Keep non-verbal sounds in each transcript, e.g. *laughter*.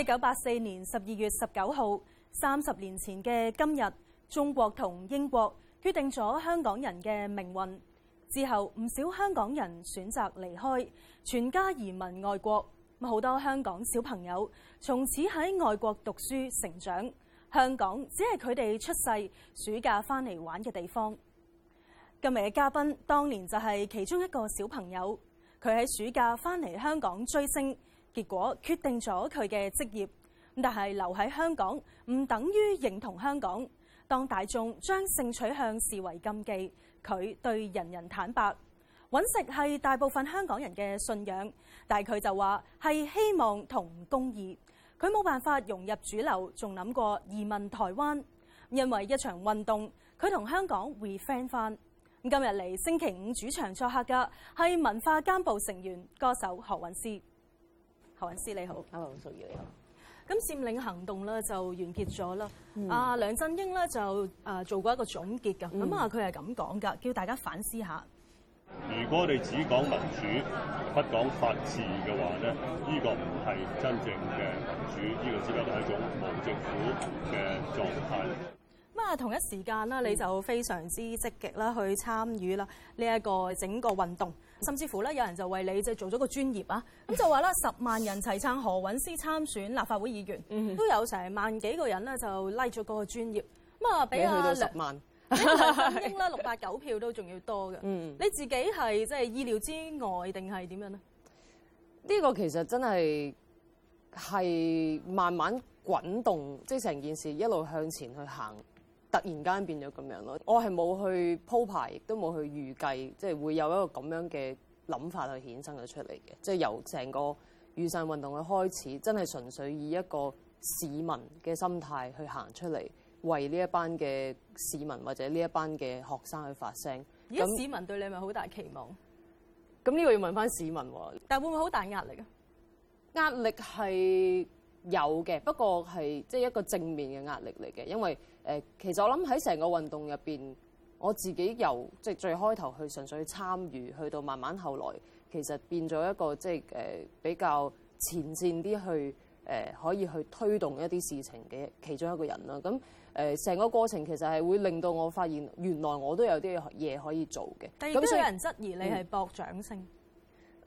一九八四年十二月十九號，三十年前嘅今日，中國同英國決定咗香港人嘅命運。之後唔少香港人選擇離開，全家移民外國。好多香港小朋友從此喺外國讀書成長，香港只係佢哋出世、暑假翻嚟玩嘅地方。今日嘅嘉賓，當年就係其中一個小朋友，佢喺暑假翻嚟香港追星。結果決定咗佢嘅職業，但係留喺香港唔等於認同香港。當大眾將性取向視為禁忌，佢對人人坦白。揾食係大部分香港人嘅信仰，但係佢就話係希望同公義。佢冇辦法融入主流，仲諗過移民台灣，因為一場運動，佢同香港會 friend 翻。今日嚟星期五主場作客嘅係文化監暴成員、歌手何韻詩。何韻詩你好，阿黃淑儀你好。咁佔領行動咧就完結咗啦。阿、嗯啊、梁振英咧就啊做過一個總結㗎。咁啊佢係咁講㗎，叫大家反思下。如果你只講民主，不講法治嘅話咧，呢、這個唔係真正嘅民主，呢、這個只不過係一種無政府嘅狀態。同一時間啦，你就非常之積極啦，去參與啦呢一個整個運動，甚至乎咧，有人就為你即係做咗個專業啊。咁就話咧，十萬人齊撐何韻詩參選立法會議員，嗯、都有成萬幾個人咧，就 like 咗嗰個專業。咁啊，俾去到十萬六百九票都仲要多嘅。嗯， *laughs* 你自己係即係意料之外定係點樣呢？呢、呢個其實真係係慢慢滾動，即係成件事一路向前去行。突然間變咗咁樣咯，我係冇去鋪排，亦都冇去預計，即係會有一個咁樣嘅諗法去衍生咗出嚟嘅。即係由成個雨傘運動嘅開始，真係純粹以一個市民嘅心態去行出嚟，為呢一班嘅市民或者呢一班嘅學生去發聲。而家市民對你咪好大期望？咁呢個要問翻市民喎。但係會唔會好大壓力啊？壓力係有嘅，不過係即係一個正面嘅壓力嚟嘅，因為，誒，其實我諗喺成個運動入邊，我自己由即係最開頭去純粹去參與，去到慢慢後來，其實變咗一個即係誒比較前線啲去誒，可以去推動一啲事情嘅其中一個人啦。咁誒，成個過程其實係會令到我發現，原來我都有啲嘢可以做嘅。咁有人質疑你係博掌聲。嗯。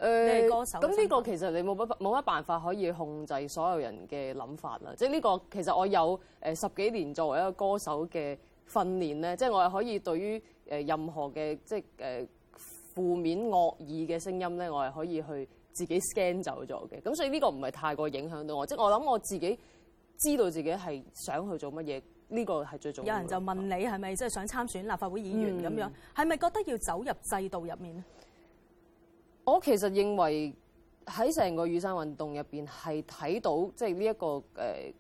誒，咁呢個其實你冇乜冇乜辦法可以控制所有人嘅諗法啦。即係呢個其實我有誒十幾年作為一個歌手嘅訓練咧，即係我係可以對於誒任何嘅即係誒負面惡意嘅聲音咧，我係可以去自己 scan 走咗嘅。咁所以呢個唔係太過影響到我。即係我諗我自己知道自己係想去做乜嘢，呢個係最重要。有人就問你係咪即係想參選立法會議員咁樣？係咪覺得要走入制度入面咧？我其實認為喺成個雨傘運動入邊係睇到即係呢一個誒、呃、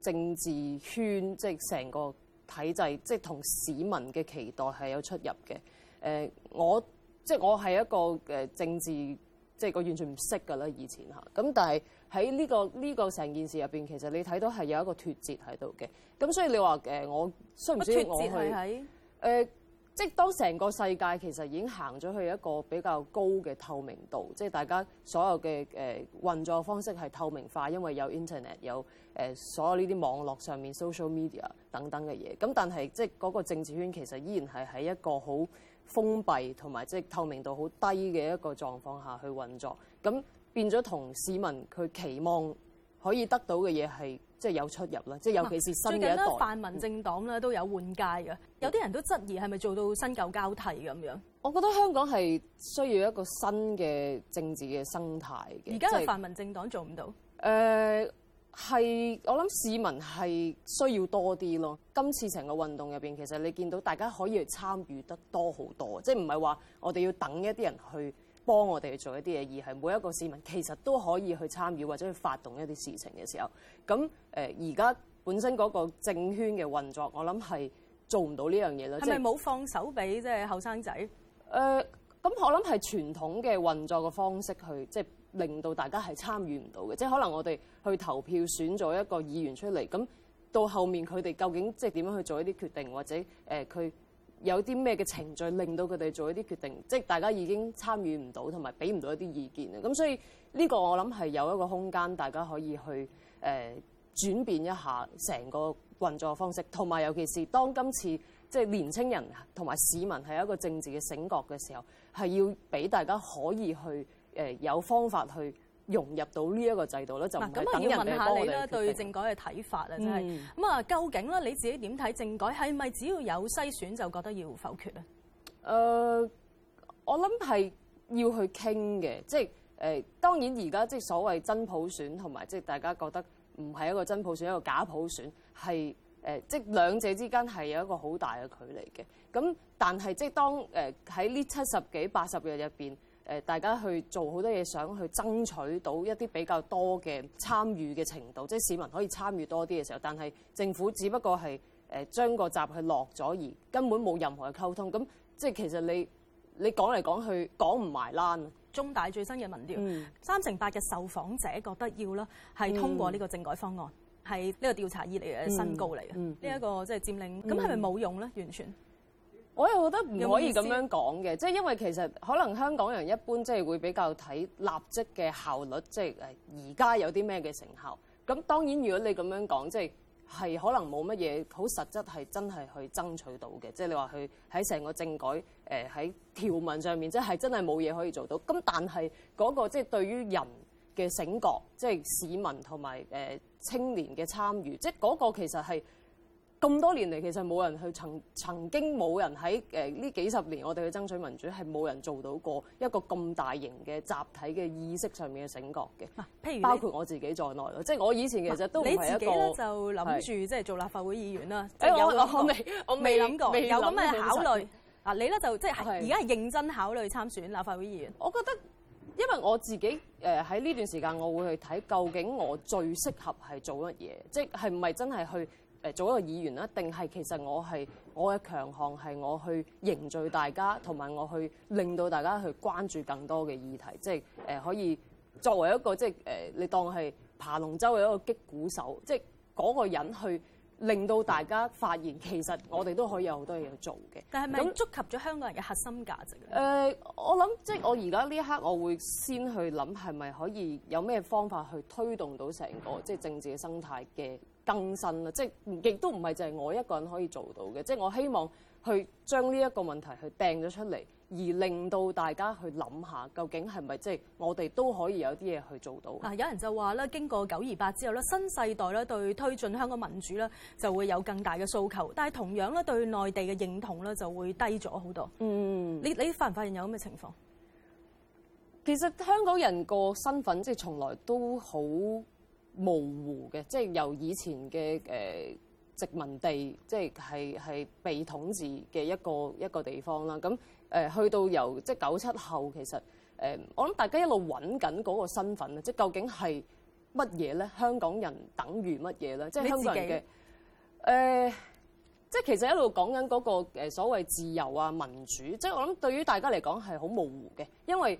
政治圈即係成個體制，即係同市民嘅期待係有出入嘅。誒、呃、我即係、即係、我係一個誒、呃、政治即係個完全唔識㗎啦，以前吓。咁但係喺呢個呢、呢個成件事入邊，其實你睇到係有一個脫節喺度嘅。咁所以你話誒、呃、我需唔需要我去誒。即係當成個世界其實已經行咗去一個比較高嘅透明度，即係大家所有嘅誒運作方式係透明化，因為有 internet 有誒、呃、所有呢啲網絡上面 social media 等等嘅嘢。咁但係即係嗰個政治圈其實依然係喺一個好封閉同埋即係透明度好低嘅一個狀況下去運作，咁變咗同市民佢期望，可以得到嘅嘢係即係有出入啦，即係尤其是新嘅一代。最近咧，泛民政黨咧都有換屆嘅。有啲人都質疑係咪做到新舊交替咁樣？我覺得香港係需要一個新嘅政治嘅生態嘅。而家嘅泛民政黨做唔到。誒、就是，係、呃、我諗市民係需要多啲咯。今次成個運動入邊，其實你見到大家可以去參與得多好多，即係唔係話我哋要等一啲人去。幫我哋去做一啲嘢，而係每一個市民其實都可以去參與或者去發動一啲事情嘅時候，咁誒而家本身嗰個政圈嘅運作，我諗係做唔到呢樣嘢咯。係咪冇放手俾即係後生仔？誒、呃，咁我諗係傳統嘅運作嘅方式去，即係令到大家係參與唔到嘅。即係可能我哋去投票選咗一個議員出嚟，咁到後面佢哋究竟即係點樣去做一啲決定，或者誒佢，呃佢有啲咩嘅程序令到佢哋做一啲決定，即係大家已經參與唔到同埋俾唔到一啲意見啊。咁所以呢個我諗係有一個空間大家可以去誒呃、轉變一下成個運作方式，同埋尤其是當今次即係、就是、年青人同埋市民係一個政治嘅醒覺嘅時候，係要俾大家可以去誒、呃、有方法去。融入到呢一個制度咧，就唔使等人哋幫你。咁啊，要問下你啦，你對政改嘅睇法啊，真係咁啊，究竟啦，你自己點睇政改？係咪只要有篩選就覺得要否決咧？誒、呃，我諗係要去傾嘅，即係誒、呃，當然而家即係所謂真普選同埋即係大家覺得唔係一個真普選，一個假普選，係誒、呃，即係兩者之間係有一個好大嘅距離嘅。咁但係即係當誒喺呢七十幾八十日入邊。誒，大家去做好多嘢，想去爭取到一啲比較多嘅參與嘅程度，即係市民可以參與多啲嘅時候。但係政府只不過係誒將個閘去落咗，而根本冇任何嘅溝通，咁即係其實你你講嚟講去講唔埋欄啊！中大最新嘅民調三、mm. 成八嘅受訪者覺得要啦，係通過呢個政改方案，係、mm. 呢個調查以嚟嘅新高嚟嘅，呢、mm. 一個即係佔領，咁係咪冇用咧？完全？我又覺得唔可以咁樣講嘅，即係因為其實可能香港人一般即係會比較睇立即嘅效率，即係而家有啲咩嘅成效。咁當然如果你咁樣講，即係係可能冇乜嘢好實質係真係去爭取到嘅，即係你話去喺成個政改誒喺條文上面，即係真係冇嘢可以做到。咁但係嗰個即係對於人嘅醒覺，即係市民同埋誒青年嘅參與，即係嗰個其實係。咁多年嚟，其實冇人去曾曾經冇人喺誒呢幾十年，我哋去爭取民主係冇人做到過一個咁大型嘅集體嘅意識上面嘅醒覺嘅。嗱、啊，譬如包括我自己在內咯，即係我以前其實都唔係一個你自己咧就諗住即係做立法會議員啦。誒，我諗我未我未諗過，未有咁嘅考慮。嗱，你咧就即係而家係認真考慮參選立法會議員。我覺得，因為我自己誒喺呢段時間，我會去睇究竟我最適合係做乜嘢，即係係唔係真係去。做一個議員啦，定係其實我係我嘅強項係我去凝聚大家，同埋我去令到大家去關注更多嘅議題，即係呃，可以作為一個即係呃，你當係爬龍舟嘅一個擊鼓手，即係嗰個人去令到大家發現其實我哋都可以有好多嘢做嘅。但係咪咁觸及咗香港人嘅核心價值？呃，我諗即係我而家呢一刻，我會先去諗係咪可以有咩方法去推動到成個即係政治嘅生態嘅。更甚即係亦都唔係就係我一個人可以做到嘅，即係我希望去將呢一個問題去掟咗出嚟，而令到大家去諗下，究竟係咪即係我哋都可以有啲嘢去做到？啊，有人就話咧，經過九二八之後咧，新世代咧對推進香港民主咧就會有更大嘅訴求，但係同樣咧對內地嘅認同咧就會低咗好多。嗯，你你發唔發現有咁嘅情況？其實香港人個身份即係從來都好模糊嘅，即係由以前嘅誒殖民地，即係係係被統治嘅一個一個地方啦。咁誒、呃、去到由即係九七後，其實誒、呃、我諗大家一路揾緊嗰個身份啊，即係究竟係乜嘢咧？香港人等於乜嘢咧？即係香港人嘅誒、呃，即係其實一路講緊嗰個誒所謂自由啊民主，即係我諗對於大家嚟講，係好模糊嘅，因為，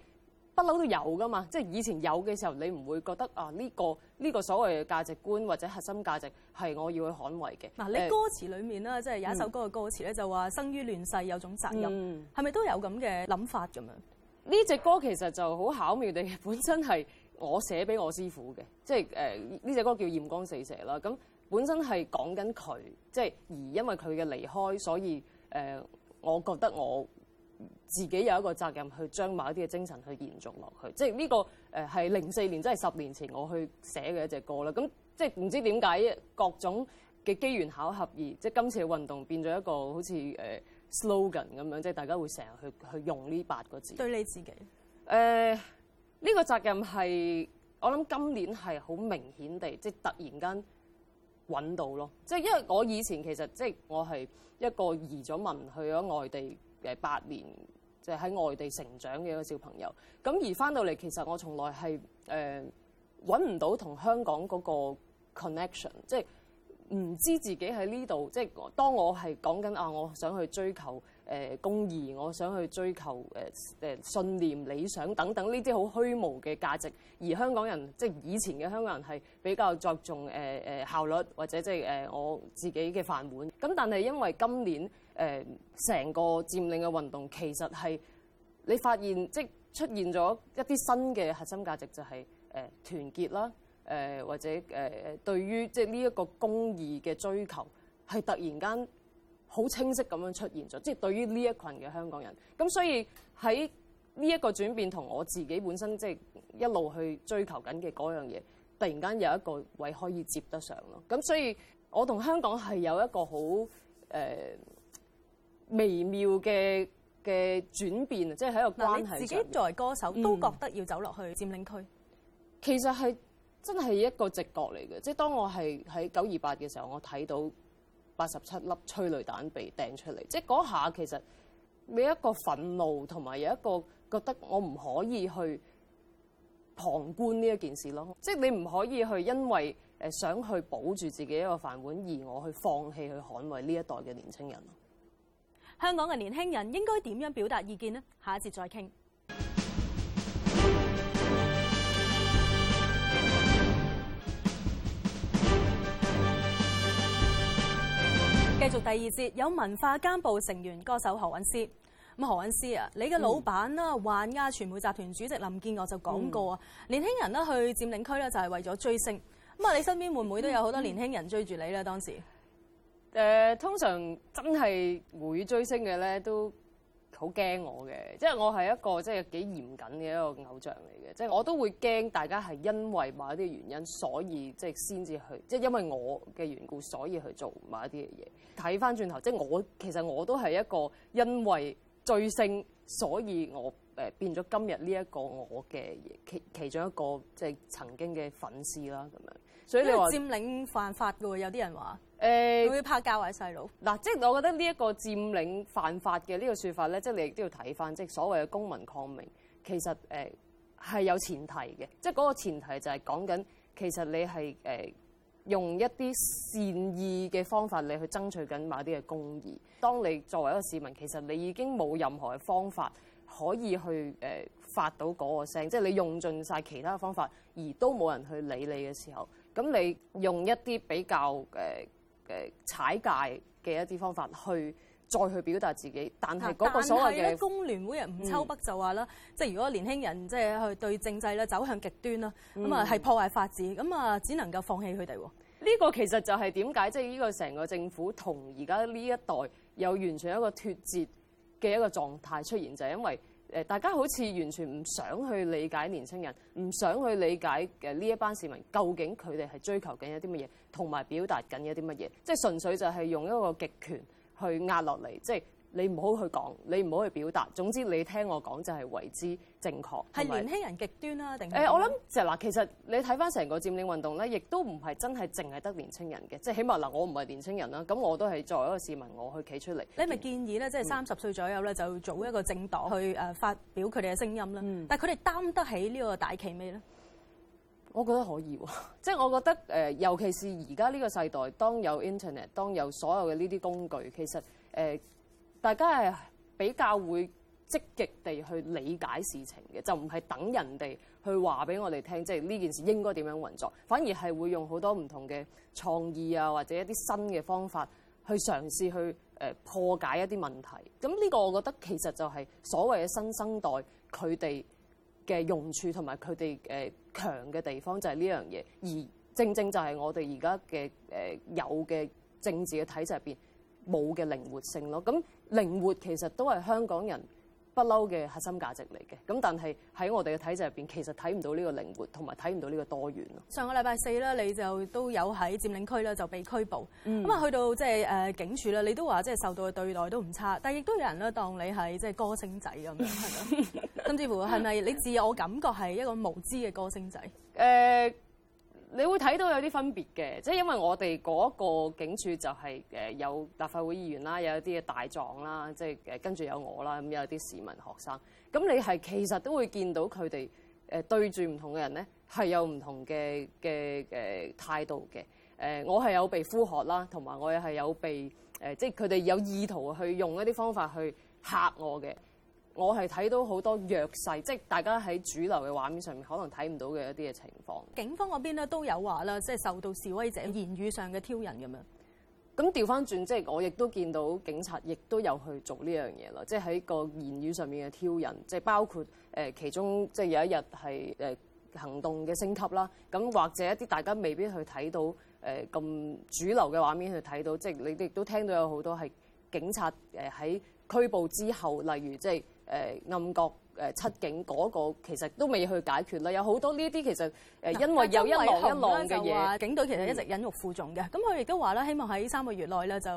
不嬲都有噶嘛，即係以前有嘅時候，你唔會覺得啊、呢呢個呢、呢個所謂嘅價值觀或者核心價值係我要去捍衞嘅。嗱，你歌詞裡面啦，嗯、即係有一首歌嘅歌詞咧，就話生於亂世有種責任，係、嗯、咪都有咁嘅諗法咁樣？呢隻歌其實就好巧妙地，本身係我寫俾我師傅嘅，即係誒呢隻歌叫《艷光四射》啦。咁本身係講緊佢，即係而因為佢嘅離開，所以誒、呃，我覺得我。自己有一個責任去將某啲嘅精神去延續落去，即係呢個誒係零四年，即係十年前我去寫嘅一隻歌啦。咁即係唔知點解各種嘅機緣巧合而即係今次嘅運動變咗一個好似誒 slogan 咁樣，即係大家會成日去去用呢八個字對你自己誒呢、呃呢個責任係我諗今年係好明顯地即係突然間揾到咯，即係因為我以前其實即係我係一個移咗民去咗外地。誒八年就喺外地成長嘅一個小朋友，咁而翻到嚟，其實我從來係誒揾唔到同香港嗰個 connection，即係唔知自己喺呢度。即係當我係講緊啊，我想去追求誒公義，我想去追求誒誒信念、理想等等呢啲好虛無嘅價值。而香港人即係以前嘅香港人係比較着重誒誒效率，或者即係誒我自己嘅飯碗。咁但係因為今年。誒成個佔領嘅運動其實係你發現，即係出現咗一啲新嘅核心價值，就係誒團結啦，誒或者誒誒對於即係呢一個公義嘅追求係突然間好清晰咁樣出現咗，即係對於呢一群嘅香港人咁，所以喺呢一個轉變同我自己本身即係一路去追求緊嘅嗰樣嘢，突然間有一個位可以接得上咯。咁所以我同香港係有一個好誒微妙嘅嘅轉變，即係喺一個關係上，你自己作為歌手，都覺得要走落去佔領區。嗯，其實係真係一個直覺嚟嘅，即係當我係喺九二八嘅時候，我睇到八十七粒催淚彈被掟出嚟，即係嗰下其實你有一個憤怒，同埋有一個覺得我唔可以去旁觀呢一件事咯。即係你唔可以去，因為誒想去保住自己一個飯碗，而我去放棄去捍衛呢一代嘅年輕人。香港嘅年輕人應該點樣表達意見呢？下一節再傾。繼續第二節，有文化監暴成員歌手何韻詩。咁何韻詩啊，你嘅老闆啦，環、嗯、亞傳媒集團主席林建岳就講過啊，嗯、年輕人呢，去佔領區咧就係為咗追星。咁啊，你身邊會唔會都有好多年輕人追住你咧？當時？誒通常真係會追星嘅咧，都好驚我嘅，即係我係一個即係幾嚴謹嘅一個偶像嚟嘅，即係我都會驚大家係因為某一啲原因，所以即係先至去，即係因為我嘅緣故，所以去做某一啲嘅嘢。睇翻轉頭，即係我其實我都係一個因為追星，所以我誒變咗今日呢一個我嘅其其中一個即係曾經嘅粉絲啦咁樣。所以你話佔領犯法嘅喎，有啲人話。欸、會拍教壞細佬？嗱、啊，即係我覺得呢一個佔領犯法嘅呢個説法咧，即係你亦都要睇翻，即係所謂嘅公民抗命，其實誒係、呃、有前提嘅，即係嗰個前提就係講緊其實你係誒、呃、用一啲善意嘅方法你去爭取緊某啲嘅公義。當你作為一個市民，其實你已經冇任何嘅方法可以去誒、呃、發到嗰個聲，即係你用盡晒其他嘅方法而都冇人去理你嘅時候，咁你用一啲比較誒、呃踩界嘅一啲方法去再去表達自己，但係嗰個所謂嘅工聯會吳秋北就話啦，即、嗯、係如果年輕人即係去對政制咧走向極端啦，咁啊係破壞法治，咁啊只能夠放棄佢哋。呢、嗯、個其實就係點解即係呢個成個政府同而家呢一代有完全一個脫節嘅一個狀態出現就係、是、因為。誒，大家好似完全唔想去理解年青人，唔想去理解嘅呢一班市民，究竟佢哋係追求緊一啲乜嘢，同埋表達緊一啲乜嘢，即係純粹就係用一個極權去壓落嚟，即係。你唔好去講，你唔好去表達。總之，你聽我講就係為之正確。係年輕人極端啦，定？誒、欸，我諗就係嗱，其實你睇翻成個佔領運動咧，亦都唔係真係淨係得年輕人嘅。即係起碼嗱，我唔係年輕人啦，咁我都係作為一個市民，我去企出嚟。你咪建議咧，嗯、即係三十歲左右咧，就組一個政黨去誒發表佢哋嘅聲音啦。嗯、但係佢哋擔得起呢個大企咩咧？我覺得可以喎，即係我覺得誒，尤其是而家呢個世代，當有 internet，當有所有嘅呢啲工具，其實誒。呃大家係比較會積極地去理解事情嘅，就唔係等人哋去話俾我哋聽，即係呢件事應該點樣運作，反而係會用好多唔同嘅創意啊，或者一啲新嘅方法去嘗試去誒、呃、破解一啲問題。咁呢個我覺得其實就係所謂嘅新生代佢哋嘅用處同埋佢哋誒強嘅地方就係呢樣嘢，而正正就係我哋而家嘅誒有嘅政治嘅體制入邊冇嘅靈活性咯。咁靈活其實都係香港人不嬲嘅核心價值嚟嘅，咁但係喺我哋嘅體制入邊，其實睇唔到呢個靈活，同埋睇唔到呢個多元咯。上個禮拜四啦，你就都有喺佔領區啦，就被拘捕。咁、嗯、啊，去到即係誒警署啦，你都話即係受到嘅對待都唔差，但係亦都有人咧當你係即係歌星仔咁樣，甚至乎係咪你自我感覺係一個無知嘅歌星仔？誒、呃。你會睇到有啲分別嘅，即係因為我哋嗰個警署就係誒有立法會議員啦，有一啲嘅大狀啦，即係誒跟住有我啦，咁有啲市民學生咁，咁你係其實都會見到佢哋誒對住唔同嘅人咧，係有唔同嘅嘅誒態度嘅。誒，我係有被呼喝啦，同埋我係有被誒，即係佢哋有意圖去用一啲方法去嚇我嘅。我係睇到好多弱勢，即係大家喺主流嘅畫面上面可能睇唔到嘅一啲嘅情況。警方嗰邊咧都有話啦，即係受到示威者言語上嘅挑釁咁樣。咁調翻轉，即係我亦都見到警察亦都有去做呢樣嘢啦，即係喺個言語上面嘅挑釁，即係包括誒其中即係有一日係誒行動嘅升級啦。咁或者一啲大家未必去睇到誒咁主流嘅畫面去睇到，即係你亦都聽到有好多係警察誒喺拘捕之後，例如即係。誒、呃、暗角誒、呃、七警嗰、那個其實都未去解決啦，有好多呢啲其實誒、呃、因為有一浪一浪嘅嘢，警隊其實一直忍辱負重嘅。咁佢亦都話咧，希望喺三個月內咧就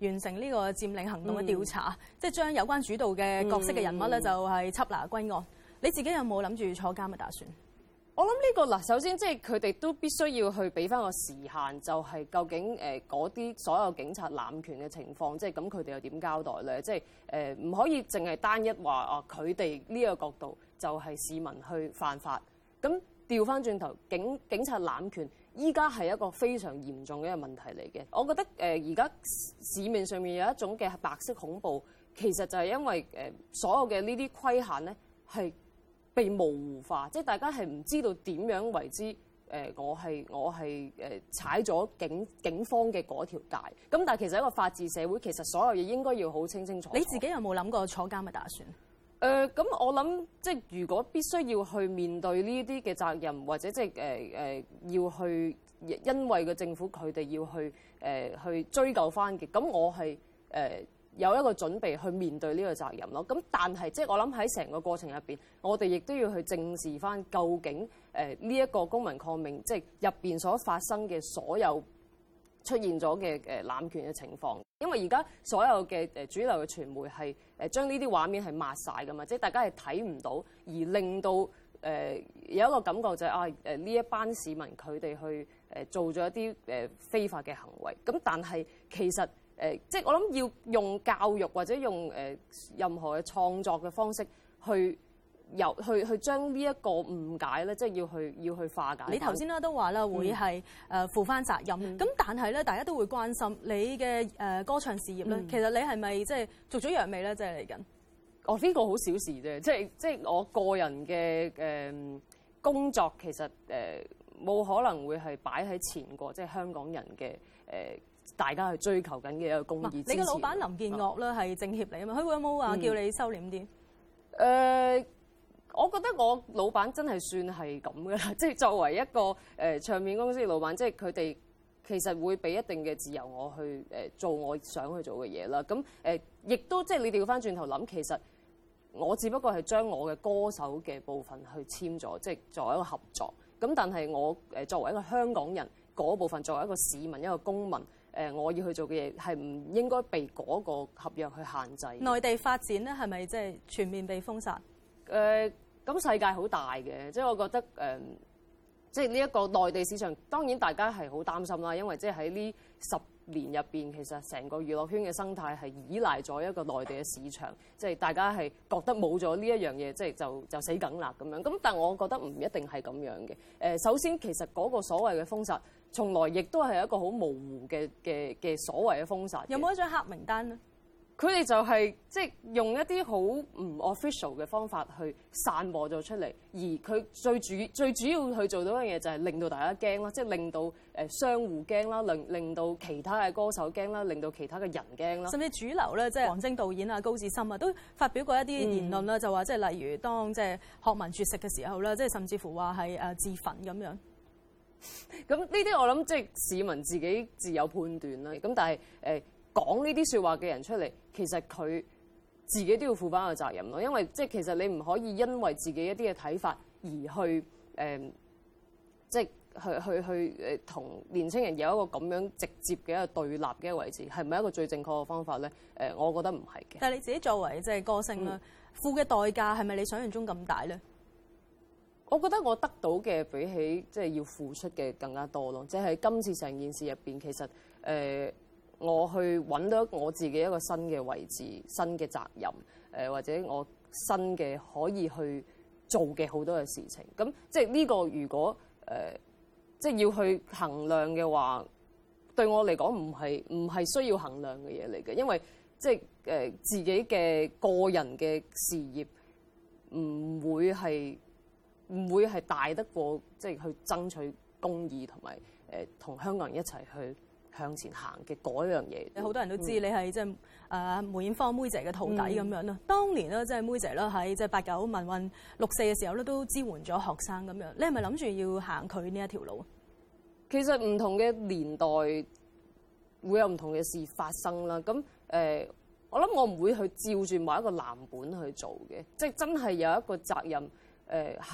完成呢個佔領行動嘅調查，嗯、即係將有關主導嘅角色嘅人物咧就係緝拿歸案。你自己有冇諗住坐監嘅打算？我諗呢、這個嗱，首先即係佢哋都必須要去俾翻個時限，就係、是、究竟誒嗰啲所有警察濫權嘅情況，即係咁佢哋又點交代咧？即係誒唔可以淨係單一話啊，佢哋呢個角度就係市民去犯法。咁調翻轉頭，警警察濫權依家係一個非常嚴重嘅一個問題嚟嘅。我覺得誒而家市面上面有一種嘅白色恐怖，其實就係因為誒、呃、所有嘅呢啲規限咧係。係模糊化，即係大家係唔知道點樣為之誒、呃、我係我係誒、呃、踩咗警警方嘅嗰條界，咁但係其實一個法治社會，其實所有嘢應該要好清清楚楚。你自己有冇諗過坐監嘅打算？誒、呃，咁我諗即係如果必須要去面對呢啲嘅責任，或者即係誒誒要去因為個政府佢哋要去誒、呃、去追究翻嘅，咁我係誒。呃有一個準備去面對呢個責任咯。咁但係，即係我諗喺成個過程入邊，我哋亦都要去正視翻究竟誒呢一個公民抗命，即係入邊所發生嘅所有出現咗嘅誒濫權嘅情況。因為而家所有嘅誒主流嘅傳媒係誒將呢啲畫面係抹晒噶嘛，即係大家係睇唔到，而令到誒有一個感覺就係啊誒呢一班市民佢哋去誒做咗一啲誒非法嘅行為。咁但係其實。誒、呃，即係我諗要用教育或者用誒、呃、任何嘅創作嘅方式去由去去，去將呢一個誤解咧，即係要去要去化解你才也說。你頭先咧都話咧會係誒負返責任，咁、嗯、但係咧大家都會關心你嘅誒、呃、歌唱事業咧，嗯、其實你係咪即係做咗弱味咧，即係嚟緊？哦、呢、這個好小事啫，即係即係我個人嘅誒、呃、工作，其實誒冇、呃、可能會係擺喺前過，即係香港人嘅誒。呃大家去追求緊嘅一個公義。你嘅老闆林建岳咧，係政協嚟啊嘛，佢、嗯、會有冇話叫你收斂啲？誒、嗯、呃，我覺得我老闆真係算係咁噶啦，即係作為一個誒、呃、唱片公司嘅老闆，即係佢哋其實會俾一定嘅自由我去誒、呃、做我想去做嘅嘢啦。咁誒亦都即係你哋要翻轉頭諗，其實我只不過係將我嘅歌手嘅部分去簽咗，即係作為一個合作。咁但係我誒、呃、作為一個香港人嗰、那個、部分，作為一個市民一個公民。誒，我要去做嘅嘢係唔應該被嗰個合約去限制。內地發展咧，係咪即係全面被封殺？誒、呃，咁世界好大嘅，即係我覺得誒、呃，即係呢一個內地市場，當然大家係好擔心啦，因為即係喺呢十年入面其實成個娛樂圈嘅生態係依賴咗一個內地嘅市場，即係大家係覺得冇咗呢一樣嘢，即係就就死梗啦咁樣。咁但我覺得唔一定係咁樣嘅。誒，首先其實嗰個所謂嘅封殺，從來亦都係一個好模糊嘅嘅嘅所謂嘅封殺。有冇一張黑名單呢？佢哋就係即係用一啲好唔 official 嘅方法去散播咗出嚟，而佢最主最主要去做到嘅嘢就係令到大家驚啦，即係令到誒相互驚啦，令令到其他嘅歌手驚啦，令到其他嘅人驚啦。甚至主流咧，即係王晶導演啊、高志森啊，都發表過一啲言論啦、嗯，就話即係例如當即係學民絕食嘅時候啦，即係甚至乎話係誒自焚咁樣。咁呢啲我諗即係市民自己自有判斷啦。咁但係誒。欸講呢啲説話嘅人出嚟，其實佢自己都要負翻一個責任咯。因為即係其實你唔可以因為自己一啲嘅睇法而去誒、呃，即係去去去誒，同年青人有一個咁樣直接嘅一個對立嘅位置，係唔係一個最正確嘅方法咧？誒、呃，我覺得唔係嘅。但係你自己作為即係歌星啦，嗯、付嘅代價係咪你想像中咁大咧？我覺得我得到嘅比起即係要付出嘅更加多咯。即係今次成件事入邊，其實誒。呃我去揾到我自己一個新嘅位置、新嘅責任，誒、呃、或者我新嘅可以去做嘅好多嘅事情。咁即係呢個如果誒、呃、即係要去衡量嘅話，對我嚟講唔係唔係需要衡量嘅嘢，嚟嘅，因為即係誒、呃、自己嘅個人嘅事業唔會係唔會係大得過即係去爭取公義同埋誒同香港人一齊去。向前行嘅嗰樣嘢。好多人都知你係即係啊梅艷芳梅姐嘅徒弟咁、嗯、樣咯。當年咧即係梅姐啦，喺即係八九民運六四嘅時候咧都支援咗學生咁樣，你係咪諗住要行佢呢一條路啊？其實唔同嘅年代會有唔同嘅事發生啦。咁誒、呃，我諗我唔會去照住某一個藍本去做嘅，即係真係有一個責任誒，係、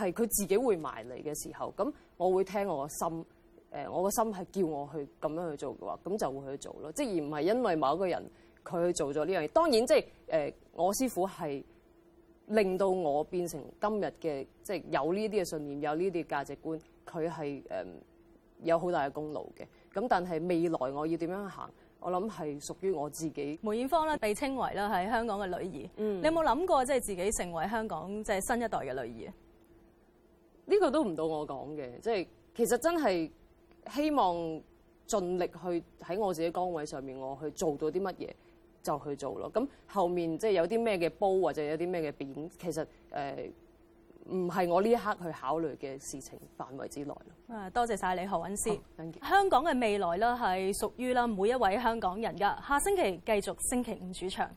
呃、佢自己會埋嚟嘅時候，咁我會聽我個心。誒，我個心係叫我去咁樣去做嘅話，咁就會去做咯。即係而唔係因為某一個人佢去做咗呢樣嘢。當然，即係誒，我師傅係令到我變成今日嘅，即係有呢啲嘅信念，有呢啲價值觀。佢係誒有好大嘅功勞嘅。咁但係未來我要點樣行，我諗係屬於我自己。梅艷芳咧，被稱為咧係香港嘅女兒。嗯，你有冇諗過即係自己成為香港即係新一代嘅女兒啊？嗯，呢個都唔到我講嘅，即係其實真係。希望盡力去喺我自己崗位上面，我去做到啲乜嘢就去做咯。咁後面即係有啲咩嘅煲或者有啲咩嘅扁，其實誒唔係我呢一刻去考慮嘅事情範圍之內咯。啊，多謝晒，你何韻詩。好，Thank you。香港嘅未來咧係屬於啦每一位香港人㗎。下星期繼續星期五主場。